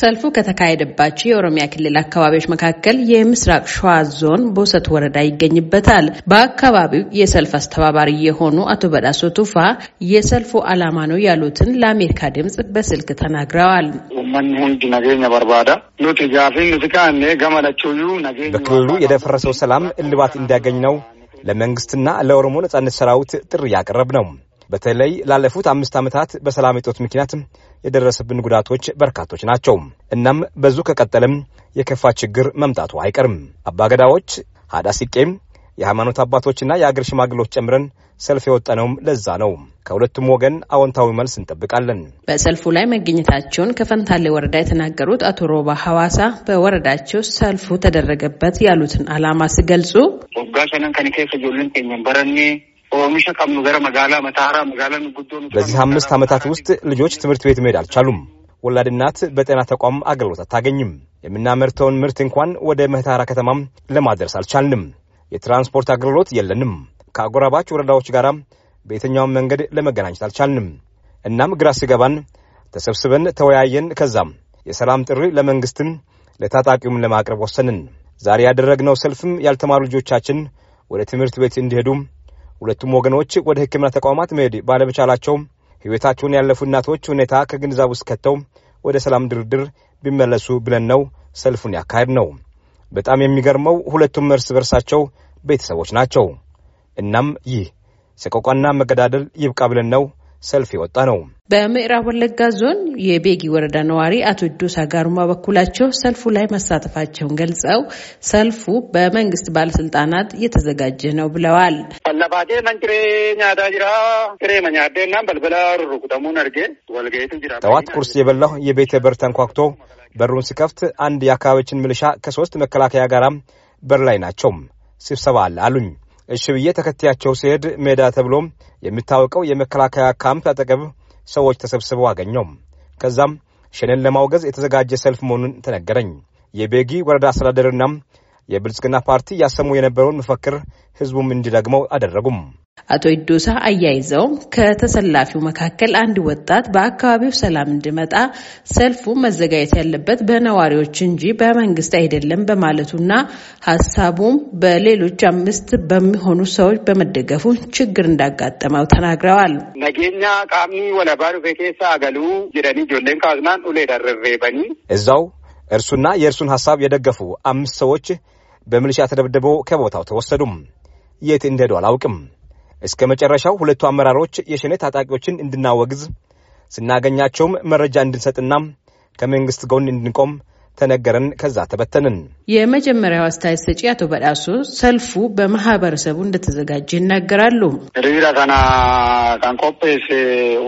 ሰልፉ ከተካሄደባቸው የኦሮሚያ ክልል አካባቢዎች መካከል የምስራቅ ሸዋ ዞን ቦሰት ወረዳ ይገኝበታል። በአካባቢው የሰልፍ አስተባባሪ የሆኑ አቶ በዳሶ ቱፋ የሰልፉ ዓላማ ነው ያሉትን ለአሜሪካ ድምጽ በስልክ ተናግረዋል። በክልሉ የደፈረሰው ሰላም እልባት እንዲያገኝ ነው ለመንግስትና ለኦሮሞ ነጻነት ሰራዊት ጥሪ ያቀረብ ነው። በተለይ ላለፉት አምስት ዓመታት በሰላም እጦት ምክንያት የደረሰብን ጉዳቶች በርካቶች ናቸው። እናም በዙ ከቀጠለም የከፋ ችግር መምጣቱ አይቀርም። አባገዳዎች፣ ሀዳ ሲቄም፣ የሃይማኖት አባቶችና የአገር ሽማግሎች ጨምረን ሰልፍ የወጠነውም ለዛ ነው። ከሁለቱም ወገን አዎንታዊ መልስ እንጠብቃለን። በሰልፉ ላይ መገኘታቸውን ከፈንታሌ ወረዳ የተናገሩት አቶ ሮባ ሀዋሳ በወረዳቸው ሰልፉ ተደረገበት ያሉትን ዓላማ ሲገልጹ በዚህ አምስት ዓመታት ውስጥ ልጆች ትምህርት ቤት መሄድ አልቻሉም። ወላድ እናት በጤና ተቋም አገልግሎት አታገኝም። የምናመርተውን ምርት እንኳን ወደ መታራ ከተማም ለማድረስ አልቻልንም። የትራንስፖርት አገልግሎት የለንም። ከአጎራባች ወረዳዎች ጋር በየትኛውም መንገድ ለመገናኘት አልቻልንም። እናም ግራ ሲገባን ተሰብስበን ተወያየን። ከዛም የሰላም ጥሪ ለመንግስትም ለታጣቂውም ለማቅረብ ወሰንን። ዛሬ ያደረግነው ሰልፍም ያልተማሩ ልጆቻችን ወደ ትምህርት ቤት እንዲሄዱ ሁለቱም ወገኖች ወደ ሕክምና ተቋማት መሄድ ባለመቻላቸውም ህይወታቸውን ያለፉ እናቶች ሁኔታ ከግንዛቤ ውስጥ ከተው ወደ ሰላም ድርድር ቢመለሱ ብለን ነው ሰልፉን ያካሄድ ነው። በጣም የሚገርመው ሁለቱም እርስ በርሳቸው ቤተሰቦች ናቸው። እናም ይህ ሰቆቃና መገዳደል ይብቃ ብለን ነው ሰልፍ የወጣ ነው። በምዕራብ ወለጋ ዞን የቤጊ ወረዳ ነዋሪ አቶ ዶሳ ጋሩማ በኩላቸው ሰልፉ ላይ መሳተፋቸውን ገልጸው ሰልፉ በመንግስት ባለስልጣናት እየተዘጋጀ ነው ብለዋል። ጠዋት ቁርስ የበላሁ የቤተ በር ተንኳክቶ በሩን ሲከፍት አንድ የአካባቢችን ምልሻ ከሶስት መከላከያ ጋራም በር ላይ ናቸው ስብሰባ አለ አሉኝ። እሺ ብዬ ተከትያቸው ሲሄድ ሜዳ ተብሎ የሚታወቀው የመከላከያ ካምፕ አጠገብ ሰዎች ተሰብስበው አገኘው። ከዛም ሸኔን ለማውገዝ የተዘጋጀ ሰልፍ መሆኑን ተነገረኝ። የቤጊ ወረዳ አስተዳደርና የብልጽግና ፓርቲ ያሰሙ የነበረውን መፈክር ህዝቡም እንዲደግመው አደረጉም። አቶ ኢዶሳ አያይዘውም ከተሰላፊው መካከል አንድ ወጣት በአካባቢው ሰላም እንዲመጣ ሰልፉ መዘጋጀት ያለበት በነዋሪዎች እንጂ በመንግስት አይደለም በማለቱና ሀሳቡም በሌሎች አምስት በሚሆኑ ሰዎች በመደገፉ ችግር እንዳጋጠመው ተናግረዋል። ነገኛ ቃሚ ወለባሩ ከኬሳ አገሉ ጅረኒ ጆሌን ካዝናን ኡሌ ደረበኒ እዛው እርሱና የእርሱን ሀሳብ የደገፉ አምስት ሰዎች በምልሻ ተደብድበው ከቦታው ተወሰዱም። የት እንደሄዱ አላውቅም። እስከ መጨረሻው ሁለቱ አመራሮች የሸኔ ታጣቂዎችን እንድናወግዝ ስናገኛቸውም መረጃ እንድንሰጥና ከመንግስት ጎን እንድንቆም ተነገረን። ከዛ ተበተንን። የመጀመሪያው አስተያየት ሰጪ አቶ በዳሱ ሰልፉ በማህበረሰቡ እንደተዘጋጀ ይናገራሉ። ሪራ ከና ቀንቆጴስ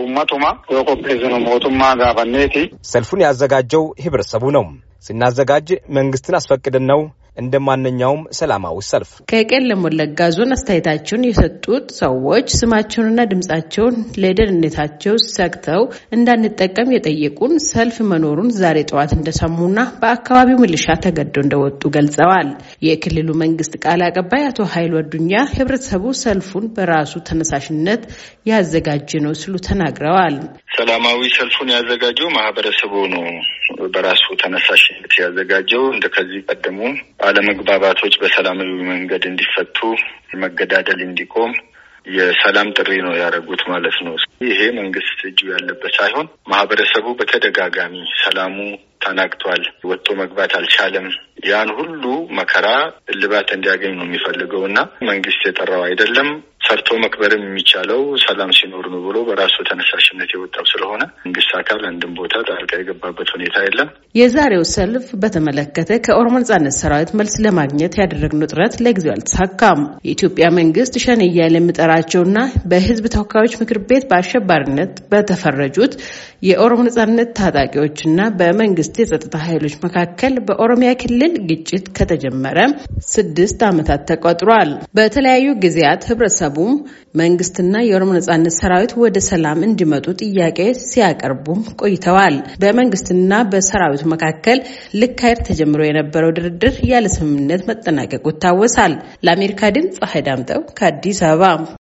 ኡመቱማ ቆጴስ ሞቱማ ጋፈኔቲ ሰልፉን ያዘጋጀው ህብረተሰቡ ነው። ስናዘጋጅ መንግስትን አስፈቅደን ነው እንደ ማንኛውም ሰላማዊ ሰልፍ። ከቄለም ወለጋ ዞን አስተያየታቸውን የሰጡት ሰዎች ስማቸውንና ድምጻቸውን ለደህንነታቸው ሰግተው እንዳንጠቀም የጠየቁን ሰልፍ መኖሩን ዛሬ ጠዋት እንደሰሙና በአካባቢው ምልሻ ተገደው እንደወጡ ገልጸዋል። የክልሉ መንግስት ቃል አቀባይ አቶ ኃይሉ አዱኛ ህብረተሰቡ ሰልፉን በራሱ ተነሳሽነት ያዘጋጀ ነው ሲሉ ተናግረዋል። ሰላማዊ ሰልፉን ያዘጋጀው ማህበረሰቡ ነው። በራሱ ተነሳሽነት ያዘጋጀው እንደ ከዚህ ቀደሙ አለመግባባቶች በሰላማዊ መንገድ እንዲፈቱ፣ መገዳደል እንዲቆም የሰላም ጥሪ ነው ያደረጉት ማለት ነው። ይሄ መንግስት እጁ ያለበት ሳይሆን ማህበረሰቡ በተደጋጋሚ ሰላሙ ተናግቷል፣ ወጥቶ መግባት አልቻለም። ያን ሁሉ መከራ እልባት እንዲያገኝ ነው የሚፈልገው እና መንግስት የጠራው አይደለም ፈርቶ መክበርም የሚቻለው ሰላም ሲኖር ነው ብሎ በራሱ ተነሳሽነት የወጣው ስለሆነ መንግስት አካል አንድም ቦታ ጣልቃ የገባበት ሁኔታ የለም። የዛሬው ሰልፍ በተመለከተ ከኦሮሞ ነጻነት ሰራዊት መልስ ለማግኘት ያደረግነው ጥረት ለጊዜው አልተሳካም። የኢትዮጵያ መንግስት ሸኔ እያለ የሚጠራቸውና በህዝብ ተወካዮች ምክር ቤት በአሸባሪነት በተፈረጁት የኦሮሞ ነጻነት ታጣቂዎችና በመንግስት የጸጥታ ኃይሎች መካከል በኦሮሚያ ክልል ግጭት ከተጀመረ ስድስት ዓመታት ተቆጥሯል። በተለያዩ ጊዜያት ህብረተሰቡ ሲያቀርቡም መንግስትና የኦሮሞ ነጻነት ሰራዊት ወደ ሰላም እንዲመጡ ጥያቄ ሲያቀርቡም ቆይተዋል። በመንግስትና በሰራዊቱ መካከል ልካሄድ ተጀምሮ የነበረው ድርድር ያለ ስምምነት መጠናቀቁ ይታወሳል። ለአሜሪካ ድምፅ ፀሐይ ዳምጠው ከአዲስ አበባ